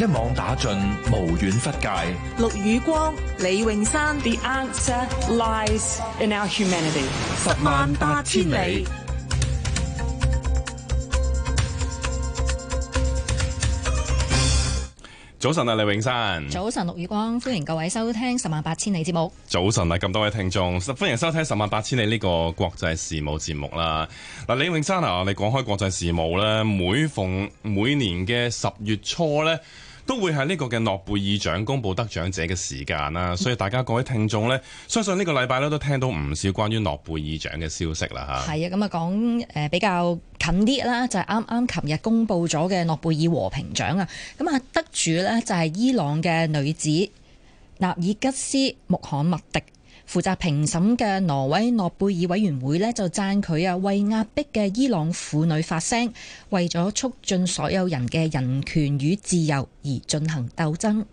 一網打盡，無遠弗屆。陸雨光、李永山，The answer lies in our humanity。十萬八千里。早晨啊，李永山。早晨，陸雨光，歡迎各位收聽《十萬八千里》節目。早晨啊，咁多位聽眾，歡迎收聽《十萬八千里》呢個國際事務節目啦。嗱，李永山啊，你講開國際事務咧，每逢每年嘅十月初咧。都會喺呢個嘅諾貝爾獎公佈得獎者嘅時間啦，所以大家各位聽眾咧，相信呢個禮拜咧都聽到唔少關於諾貝爾獎嘅消息啦吓。係啊，咁啊講誒比較近啲啦，就係啱啱琴日公佈咗嘅諾貝爾和平獎啊，咁啊得主呢就係伊朗嘅女子納爾吉斯·穆罕默迪。負責評審嘅挪威諾貝爾委員會咧，就讚佢啊為壓迫嘅伊朗婦女發聲，為咗促進所有人嘅人權與自由而進行鬥爭。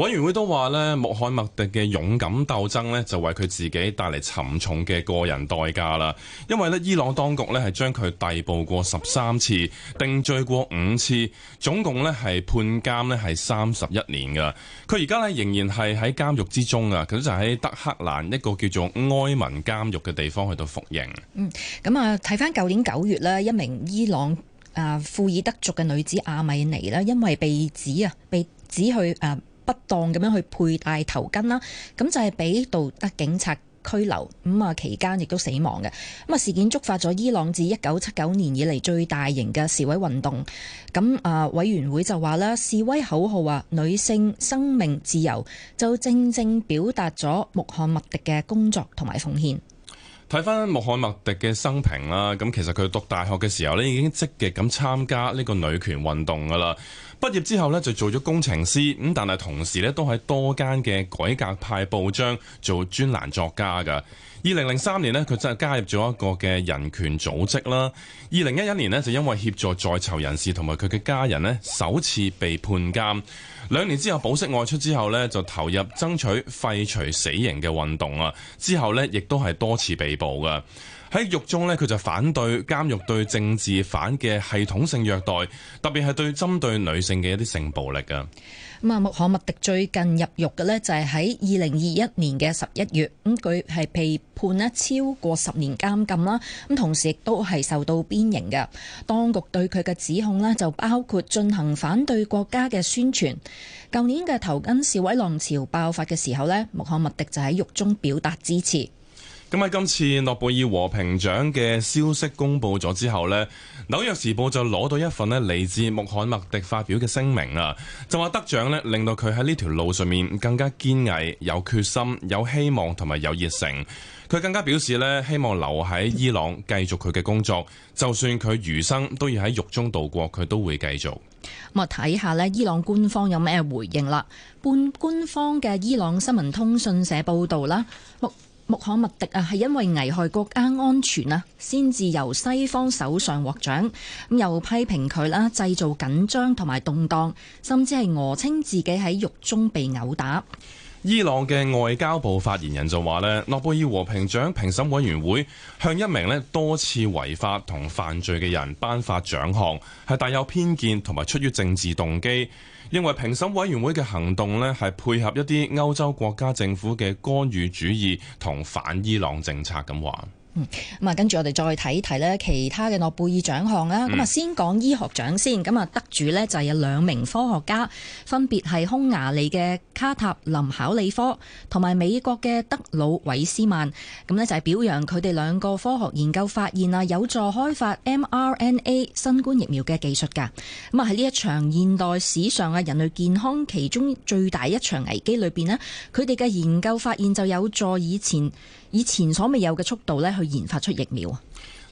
委員會都話咧，穆罕默迪嘅勇敢鬥爭咧，就為佢自己帶嚟沉重嘅個人代價啦。因為咧，伊朗當局咧係將佢逮捕過十三次，定罪過五次，總共咧係判監咧係三十一年噶。佢而家咧仍然係喺監獄之中啊。佢就喺德黑蘭一個叫做埃文監獄嘅地方去到服刑。嗯，咁、嗯、啊，睇翻舊年九月呢，一名伊朗啊庫、呃、爾德族嘅女子阿米尼呢，因為被指啊被指去誒，呃不當咁樣去佩戴頭巾啦，咁就係俾道德警察拘留，咁啊期間亦都死亡嘅，咁啊事件觸發咗伊朗自一九七九年以嚟最大型嘅示威運動，咁啊委員會就話啦，示威口號啊，女性生命自由，就正正表達咗穆罕默迪嘅工作同埋奉獻。睇返穆罕默迪嘅生平啦，咁其實佢讀大學嘅時候咧，已經積極咁參加呢個女權運動㗎喇。畢業之後咧，就做咗工程師，咁但係同時咧，都喺多間嘅改革派報章做專欄作家㗎。二零零三年咧，佢就加入咗一個嘅人權組織啦。二零一一年咧，就因為協助在囚人士同埋佢嘅家人咧，首次被判監兩年，之後保釋外出，之後咧，就投入爭取廢除死刑嘅運動啊。之後咧，亦都係多次被捕噶。喺獄中呢佢就反對監獄對政治犯嘅系統性虐待，特別係對針對女性嘅一啲性暴力啊，咁啊，穆罕默迪最近入獄嘅呢，就係喺二零二一年嘅十一月，咁佢係被判呢超過十年監禁啦，咁同時亦都係受到鞭刑嘅。當局對佢嘅指控呢，就包括進行反對國家嘅宣傳。舊年嘅頭巾示威浪潮爆發嘅時候呢，穆罕默迪就喺獄中表達支持。咁啊，今次諾貝爾和平獎嘅消息公布咗之後呢，《紐約時報》就攞到一份呢嚟自穆罕默迪發表嘅聲明啊，就話得獎呢令到佢喺呢條路上面更加堅毅、有決心、有希望同埋有熱誠。佢更加表示呢希望留喺伊朗繼續佢嘅工作，就算佢餘生都要喺獄中度過，佢都會繼續。咁啊，睇下呢伊朗官方有咩回應啦。半官方嘅伊朗新聞通訊社報道啦。穆罕默迪啊，係因為危害國家安全啊，先至由西方手上獲獎。咁又批評佢啦，製造緊張同埋動盪，甚至係訛稱自己喺獄中被毆打。伊朗嘅外交部發言人就話，呢諾貝爾和平獎評審委員會向一名咧多次違法同犯罪嘅人頒發獎項，係大有偏見同埋出於政治動機，認為評審委員會嘅行動咧係配合一啲歐洲國家政府嘅干預主義同反伊朗政策咁話。嗯，咁啊，跟住我哋再睇睇咧，其他嘅諾貝爾獎項啦。咁啊、嗯，先講醫學獎先。咁啊，得主呢，就有兩名科學家，分別係匈牙利嘅卡塔林考理科同埋美國嘅德魯韋斯曼。咁呢，就係表揚佢哋兩個科學研究發現啊，有助開發 mRNA 新冠疫苗嘅技術噶。咁啊，喺呢一場現代史上啊人類健康其中最大一場危機裏邊呢，佢哋嘅研究發現就有助以前。以前所未有嘅速度咧，去研發出疫苗啊！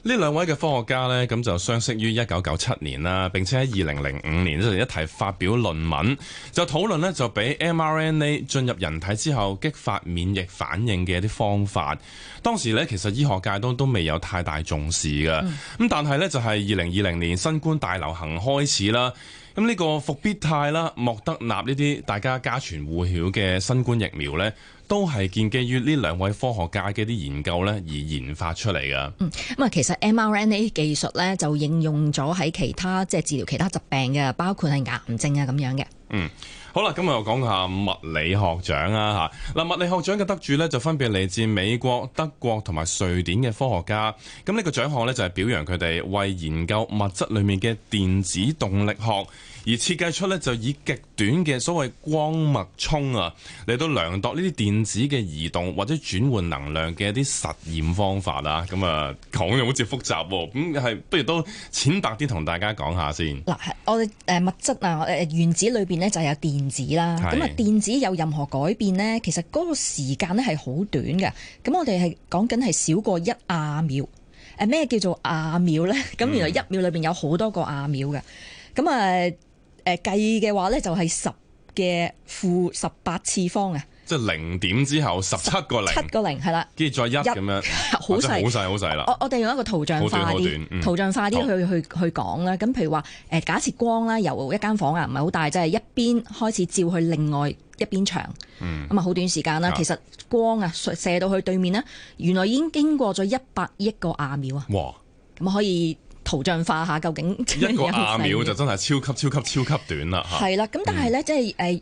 呢兩位嘅科學家呢，咁就相識於一九九七年啦，並且喺二零零五年咧就一提發表論文，就討論呢，就俾 mRNA 進入人體之後激發免疫反應嘅一啲方法。當時呢，其實醫學界都都未有太大重視嘅，咁、嗯、但係呢，就係二零二零年新冠大流行開始啦。咁呢個復必泰啦、莫德納呢啲，大家家傳戶曉嘅新冠疫苗咧，都係建基於呢兩位科學家嘅啲研究咧而研發出嚟噶。嗯，咁啊，其實 mRNA 技術咧就應用咗喺其他即係治療其他疾病嘅，包括係癌症啊咁樣嘅。嗯。好啦，今日我講下物理學獎啊。吓。嗱，物理學獎嘅得主呢，就分別嚟自美國、德國同埋瑞典嘅科學家。咁呢個獎項呢，就係表揚佢哋為研究物質裏面嘅電子動力學。而設計出咧就以極短嘅所謂光脈衝啊，嚟到量度呢啲電子嘅移動或者轉換能量嘅一啲實驗方法啦。咁啊講嘅好似複雜喎、哦，咁、嗯、係不如都淺白啲同大家講下先。嗱，我哋誒、呃、物質啊，誒、呃、原子裏邊咧就係、是、有電子啦，咁啊是電子有任何改變咧，其實嗰個時間咧係好短嘅，咁我哋係講緊係少過一亞秒。誒、呃、咩叫做亞秒咧？咁、嗯、原來一秒裏邊有好多個亞秒嘅，咁啊。呃誒計嘅話咧，就係十嘅負十八次方啊！即係零點之後十七個零，七個零係啦。跟住再一咁樣，好細好細好細啦。我我哋用一個圖像化啲，嗯、圖像化啲去好去去，去講啦。咁譬如話誒，假設光啦，由一間房啊，唔係好大，即係一邊開始照去另外一邊牆。咁啊、嗯，好短時間啦。嗯、其實光啊，射到去對面咧，原來已經經過咗一百億個亞秒啊！哇！咁可以。圖像化嚇，究竟一個亞秒就真係超級超級超級短啦嚇。係啦，咁但係咧，嗯、即係誒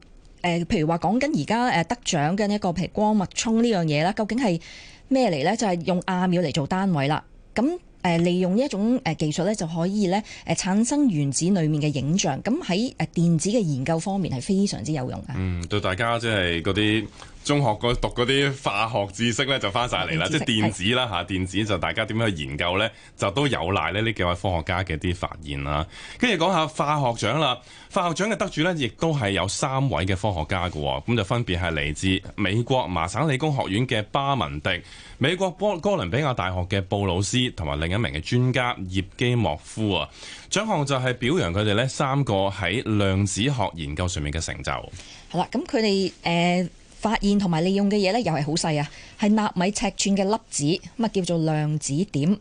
誒，譬如話講緊而家誒得獎嘅一、這個譬如光脈衝呢樣嘢啦，究竟係咩嚟咧？就係、是、用亞秒嚟做單位啦。咁誒、呃，利用呢一種誒技術咧，就可以咧誒、呃、產生原子裡面嘅影像。咁喺誒電子嘅研究方面係非常之有用嘅。嗯，對大家即係嗰啲。中學個讀嗰啲化學知識咧，就翻晒嚟啦。即係電子啦嚇，的電子就大家點樣去研究呢？就都有賴咧呢幾位科學家嘅啲發現啦。跟住講下化學獎啦，化學獎嘅得主呢，亦都係有三位嘅科學家㗎。咁就分別係嚟自美國麻省理工學院嘅巴文迪、美國波哥倫比亞大學嘅布魯斯，同埋另一名嘅專家葉基莫夫啊。獎項就係表揚佢哋呢三個喺量子學研究上面嘅成就。係啦，嗯，咁佢哋誒。呃發現同埋利用嘅嘢咧，又係好細啊，係納米尺寸嘅粒子，咁啊叫做量子點。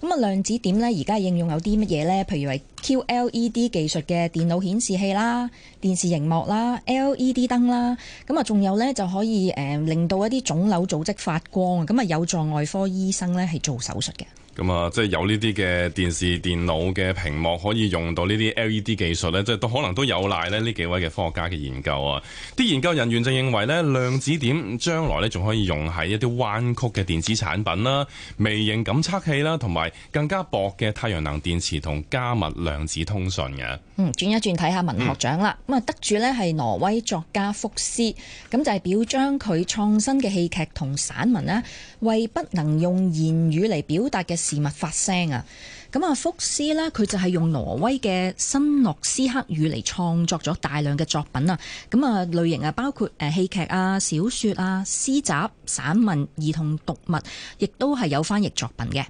咁啊，量子點呢而家應用有啲乜嘢呢？譬如係 QLED 技術嘅電腦顯示器啦、電視熒幕啦、LED 燈啦。咁啊，仲有呢就可以誒令到一啲腫瘤組織發光，咁啊有助外科醫生呢係做手術嘅。咁啊，即係有呢啲嘅電視電腦嘅屏幕可以用到呢啲 LED 技術咧，即係都可能都有賴咧呢幾位嘅科學家嘅研究啊！啲研究人員就認為咧，量子點將來咧仲可以用喺一啲彎曲嘅電子產品啦、微型感測器啦，同埋更加薄嘅太陽能電池同加密量子通訊嘅。嗯，轉一轉睇下文學獎啦，咁啊、嗯、得主咧係挪威作家福斯，咁就係表彰佢創新嘅戲劇同散文啦，為不能用言語嚟表達嘅。事物發聲啊！咁啊，福斯呢，佢就係用挪威嘅新諾斯克語嚟創作咗大量嘅作品啊！咁啊，類型啊，包括誒戲劇啊、小說啊、詩集、散文、兒童讀物，亦都係有翻譯作品嘅。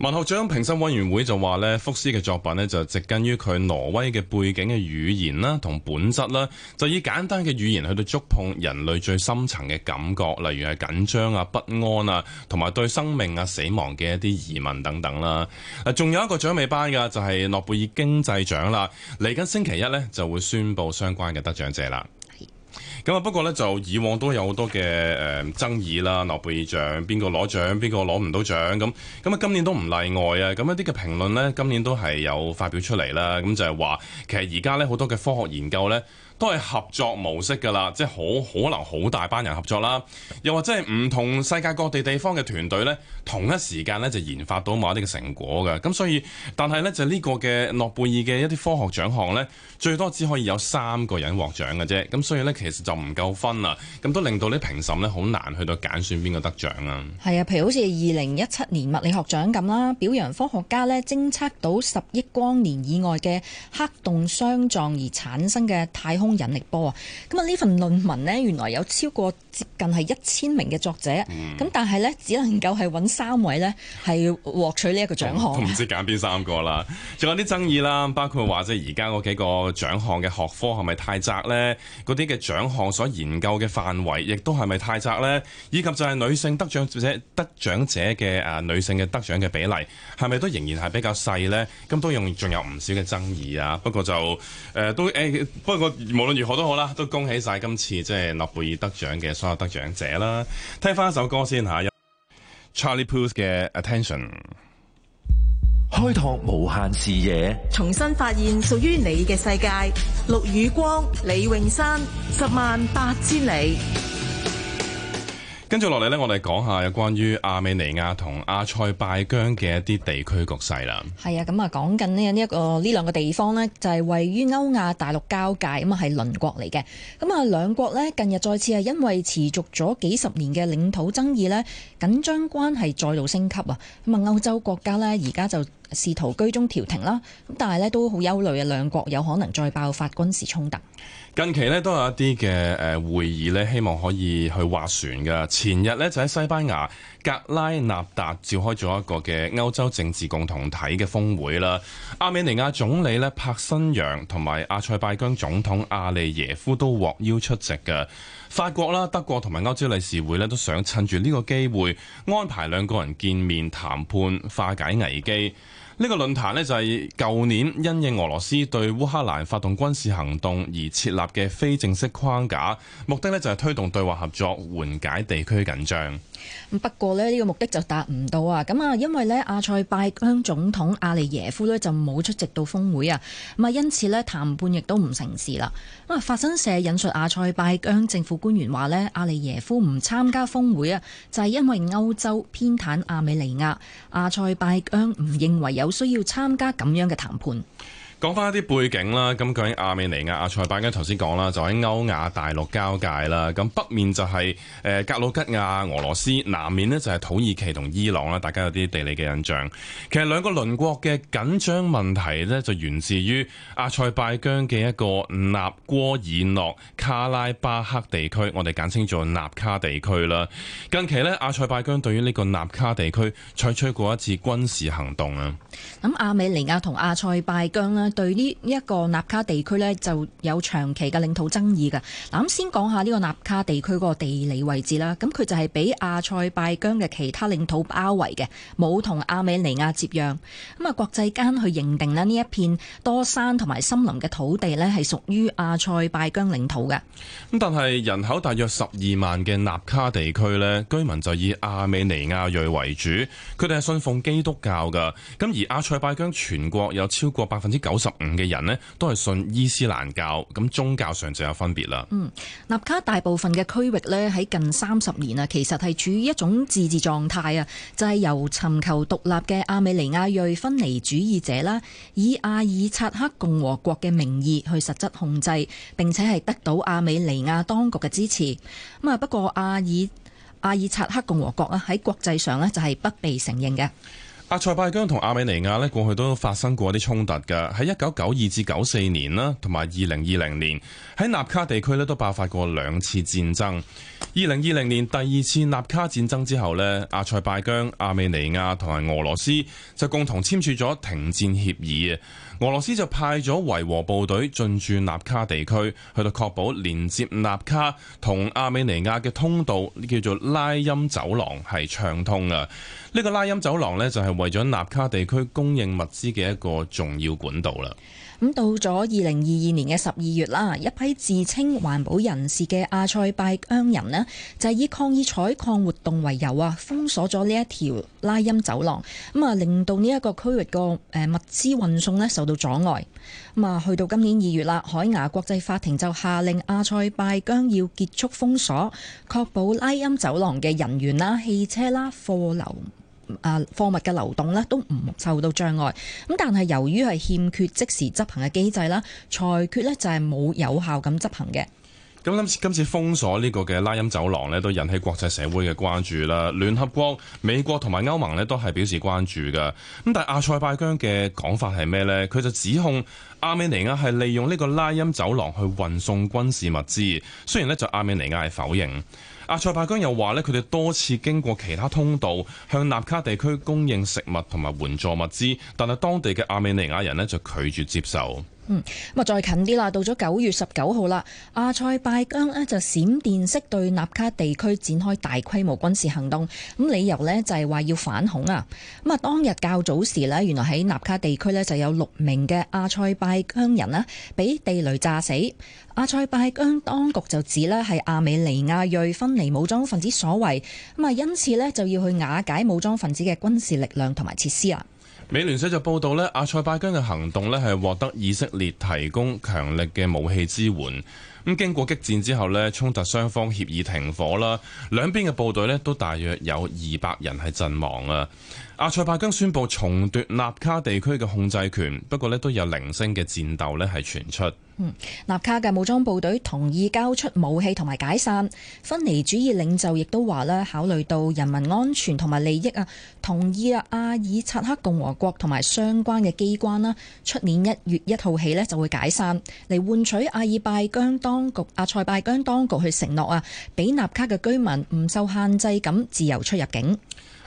文學獎評審委員會就話咧，福斯嘅作品咧就係植根於佢挪威嘅背景嘅語言啦，同本質啦，就以簡單嘅語言去到觸碰人類最深層嘅感覺，例如係緊張啊、不安啊，同埋對生命啊、死亡嘅一啲疑問等等啦。啊，仲有一個獎尾班噶就係諾貝爾經濟獎啦，嚟緊星期一咧就會宣布相關嘅得獎者啦。咁啊，不過呢就以往都有好多嘅誒、呃、爭議啦，諾貝爾獎邊個攞獎，邊個攞唔到獎咁。咁啊，今年都唔例外啊。咁一啲嘅評論呢，今年都係有發表出嚟啦。咁就係話，其實而家呢好多嘅科學研究呢，都係合作模式噶啦，即係好可能好大班人合作啦，又或者係唔同世界各地地方嘅團隊咧，同一時間咧就研發到某啲嘅成果嘅，咁所以，但係咧就呢個嘅諾貝爾嘅一啲科學獎項咧，最多只可以有三個人獲獎嘅啫。咁所以咧，其實就唔夠分啊。咁都令到你評審咧好難去到揀選邊個得獎啊。係啊，譬如好似二零一七年物理學獎咁啦，表揚科學家咧偵測到十億光年以外嘅黑洞相撞而產生嘅太空。引力波啊！咁啊呢份論文咧，原來有超過接近係一千名嘅作者，咁、嗯、但係咧只能夠係揾三位咧係獲取呢一個獎項。唔、哦、知揀邊三個啦，仲 有啲爭議啦，包括話即係而家嗰幾個獎項嘅學科係咪太窄咧？嗰啲嘅獎項所研究嘅範圍，亦都係咪太窄咧？以及就係女性得獎者得獎者嘅誒、呃、女性嘅得獎嘅比例，係咪都仍然係比較細咧？咁都用仲有唔少嘅爭議啊！不過就誒都誒不過。呃呃呃呃呃無論如何都好啦，都恭喜晒今次即係諾貝爾得獎嘅所有得獎者啦。聽翻一首歌先吓，有 Charlie Puth 嘅 Attention，開拓無限視野，重新發現屬於你嘅世界。陸雨光、李泳山，十萬八千里。跟住落嚟咧，我哋講下有關於阿美尼亞同阿塞拜疆嘅一啲地區局勢啦。係啊，咁啊講緊呢呢一個呢兩個地方呢，就係位於歐亞大陸交界，咁啊係鄰國嚟嘅。咁啊，兩國呢，近日再次係因為持續咗幾十年嘅領土爭議呢，緊張關係再度升級啊！咁啊，歐洲國家呢，而家就。試圖居中調停啦，但係咧都好憂慮啊，兩國有可能再爆發軍事衝突。近期呢都有一啲嘅誒會議呢，希望可以去劃船㗎。前日呢就喺西班牙。格拉納達召開咗一個嘅歐洲政治共同體嘅峰會啦，阿美尼亞總理咧帕新揚同埋阿塞拜疆總統阿里耶夫都獲邀出席嘅，法國啦、德國同埋歐洲理事會咧都想趁住呢個機會安排兩個人見面談判化解危機。呢個論壇呢，就係舊年因應俄羅斯對烏克蘭發動軍事行動而設立嘅非正式框架，目的呢，就係推動對話合作，緩解地區緊張。不過呢，呢個目的就達唔到啊！咁啊，因為呢，阿塞拜疆總統阿利耶夫呢，就冇出席到峰會啊，咁啊，因此呢，談判亦都唔成事啦。咁啊，法新社引述阿塞拜疆政府官員話呢，阿利耶夫唔參加峰會啊，就係因為歐洲偏袒阿美尼亞，阿塞拜疆唔認為有。需要參加咁樣嘅談判。講翻一啲背景啦，咁究竟阿美尼亞阿塞拜疆頭先講啦，就喺歐亞大陸交界啦，咁北面就係誒格魯吉亞、俄羅斯，南面呢就係土耳其同伊朗啦，大家有啲地理嘅印象。其實兩個鄰國嘅緊張問題呢，就源自於阿塞拜疆嘅一個納戈爾諾卡拉巴克地區，我哋簡稱做納卡地區啦。近期呢，阿塞拜疆對於呢個納卡地區採取過一次軍事行動啊。咁阿美尼亞同阿塞拜疆呢。對呢呢一個納卡地區呢，就有長期嘅領土爭議嘅。嗱，咁先講下呢個納卡地區嗰個地理位置啦。咁佢就係俾阿塞拜疆嘅其他領土包圍嘅，冇同阿美尼亞接壤。咁啊，國際間去認定呢呢一片多山同埋森林嘅土地呢，係屬於阿塞拜疆領土嘅。咁但係人口大約十二萬嘅納卡地區呢，居民就以阿美尼亞裔為主，佢哋係信奉基督教噶。咁而阿塞拜疆全國有超過百分之九。十五嘅人咧，都係信伊斯蘭教，咁宗教上就有分別啦。嗯，納卡大部分嘅區域呢，喺近三十年啊，其實係處於一種自治狀態啊，就係、是、由尋求獨立嘅阿美尼亞裔分離主義者啦，以阿爾察克共和國嘅名義去實質控制，並且係得到阿美尼亞當局嘅支持。咁啊，不過阿爾阿爾察克共和國啊，喺國際上呢，就係不被承認嘅。阿塞拜疆同阿美尼亞咧，過去都發生過啲衝突㗎，喺一九九二至九四年啦，同埋二零二零年喺納卡地區咧，都爆發過兩次戰爭。二零二零年第二次納卡戰爭之後呢，阿塞拜疆，阿美尼亞同埋俄羅斯就共同簽署咗停戰協議啊。俄羅斯就派咗維和部隊進駐納卡地區，去到確保連接納卡同阿美尼亞嘅通道，叫做拉音走廊係暢通㗎。呢個拉音走廊呢，就係為咗納卡地區供應物資嘅一個重要管道啦。咁到咗二零二二年嘅十二月啦，一批自稱環保人士嘅阿塞拜疆人呢，就係、是、以抗議採礦活動為由啊，封鎖咗呢一條拉音走廊，咁啊，令到呢一個區域個誒物資運送咧受到阻礙。咁啊，去到今年二月啦，海牙國際法庭就下令阿塞拜疆要結束封鎖，確保拉音走廊嘅人員啦、汽車啦、貨流。啊，貨物嘅流動咧都唔受到障礙，咁但係由於係欠缺即時執行嘅機制啦，裁決咧就係冇有，有效咁執行嘅。咁今次封鎖呢個嘅拉欽走廊咧，都引起國際社會嘅關注啦。聯合國、美國同埋歐盟咧，都係表示關注嘅。咁但係阿塞拜疆嘅講法係咩呢？佢就指控阿美尼亞係利用呢個拉欽走廊去運送軍事物資。雖然呢，就阿美尼亞係否認。阿塞拜疆又話呢，佢哋多次經過其他通道向納卡地區供應食物同埋援助物資，但係當地嘅阿美尼亞人呢，就拒絕接受。嗯，咁啊，再近啲啦，到咗九月十九號啦，阿塞拜疆呢就閃電式對納卡地區展開大規模軍事行動，咁理由呢就係話要反恐啊，咁啊，當日較早時呢，原來喺納卡地區呢就有六名嘅阿塞拜疆人咧俾地雷炸死，阿塞拜疆當局就指呢係阿美尼亞裔分離武裝分子所為，咁啊，因此呢就要去瓦解武裝分子嘅軍事力量同埋設施啊。美聯社就報道咧，阿塞拜疆嘅行動咧係獲得以色列提供強力嘅武器支援。咁經過激戰之後咧，衝突雙方協議停火啦，兩邊嘅部隊咧都大約有二百人係陣亡啊。阿塞拜疆宣布重奪納卡地區嘅控制權，不過咧都有零星嘅戰鬥咧係傳出。嗯，納卡嘅武裝部隊同意交出武器同埋解散，分離主義領袖亦都話咧，考慮到人民安全同埋利益啊，同意啊，阿爾察克共和國同埋相關嘅機關啦，出年一月一號起咧就會解散，嚟換取阿爾拜疆當局阿塞拜疆當局去承諾啊，畀納卡嘅居民唔受限制咁自由出入境。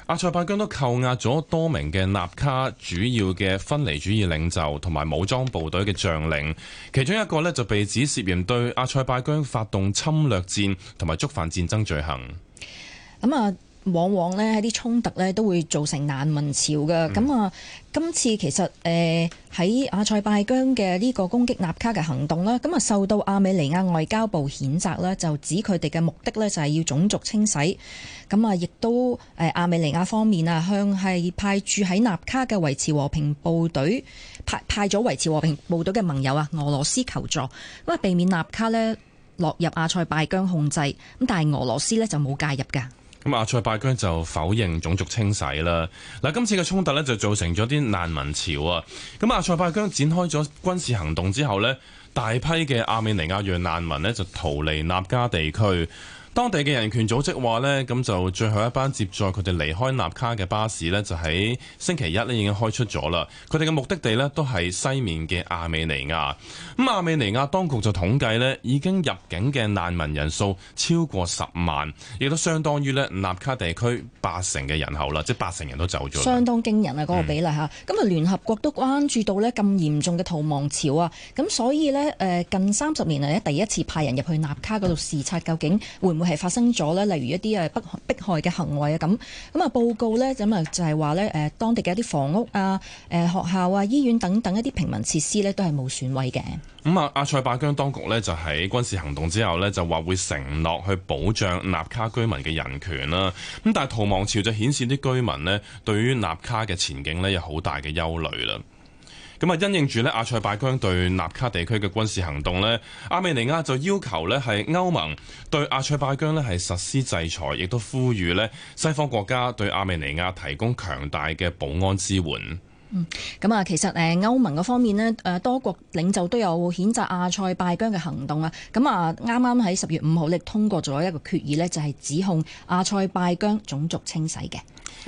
阿塞拜疆都扣押咗多名嘅納卡主要嘅分離主義領袖同埋武裝部隊嘅將領，其中一個呢就被指涉嫌對阿塞拜疆發動侵略戰同埋觸犯戰爭罪行。咁、嗯、啊。往往呢啲衝突呢都會造成難民潮嘅，咁、嗯、啊，今次其實誒喺、呃、阿塞拜疆嘅呢個攻擊納卡嘅行動咧，咁啊受到阿美尼亞外交部譴責啦，就指佢哋嘅目的呢就係要種族清洗，咁啊亦都誒阿、呃、美尼亞方面啊向係派駐喺納卡嘅維持和平部隊派派咗維持和平部隊嘅盟友啊俄羅斯求助，咁啊避免納卡呢落入阿塞拜疆控制，咁但係俄羅斯呢，就冇介入㗎。咁阿塞拜疆就否認種族清洗啦。嗱，今次嘅衝突咧就造成咗啲難民潮啊。咁阿塞拜疆展開咗軍事行動之後咧，大批嘅阿美尼亞裔難民咧就逃離納卡地區。當地嘅人權組織話呢，咁就最後一班接載佢哋離開納卡嘅巴士呢，就喺星期一咧已經開出咗啦。佢哋嘅目的地呢，都係西面嘅亞美尼亞。咁亞美尼亞當局就統計呢，已經入境嘅難民人數超過十萬，亦都相當於呢納卡地區八成嘅人口啦，即八成人都走咗。相當驚人啊，嗰、那個比例吓！咁啊、嗯，聯合國都關注到呢咁嚴重嘅逃亡潮啊，咁所以呢，誒近三十年嚟咧第一次派人入去納卡嗰度視察，究竟會唔會？係發生咗咧，例如一啲誒迫迫害嘅行為啊，咁咁啊報告咧，咁啊就係話咧，誒當地嘅一啲房屋啊、誒學校啊、醫院等等一啲平民設施咧，都係冇損毀嘅。咁啊，阿塞拜疆當局咧就喺軍事行動之後咧，就話會承諾去保障納卡居民嘅人權啦。咁但係逃亡潮就顯示啲居民咧，對於納卡嘅前景咧，有好大嘅憂慮啦。咁啊，因應住咧阿塞拜疆對納卡地區嘅軍事行動咧，阿美尼亞就要求咧係歐盟對阿塞拜疆咧係實施制裁，亦都呼籲咧西方國家對阿美尼亞提供強大嘅保安支援。咁啊、嗯，其實誒歐盟嘅方面咧，誒多國領袖都有譴責阿塞拜疆嘅行動啊。咁啊，啱啱喺十月五號，亦通過咗一個決議咧，就係指控阿塞拜疆種族清洗嘅。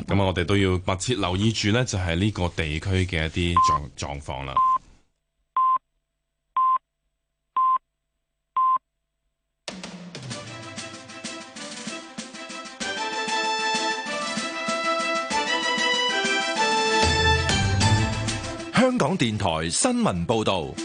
咁啊，我哋都要密切留意住呢，就係呢個地區嘅一啲狀狀況啦。香港電台新聞報道。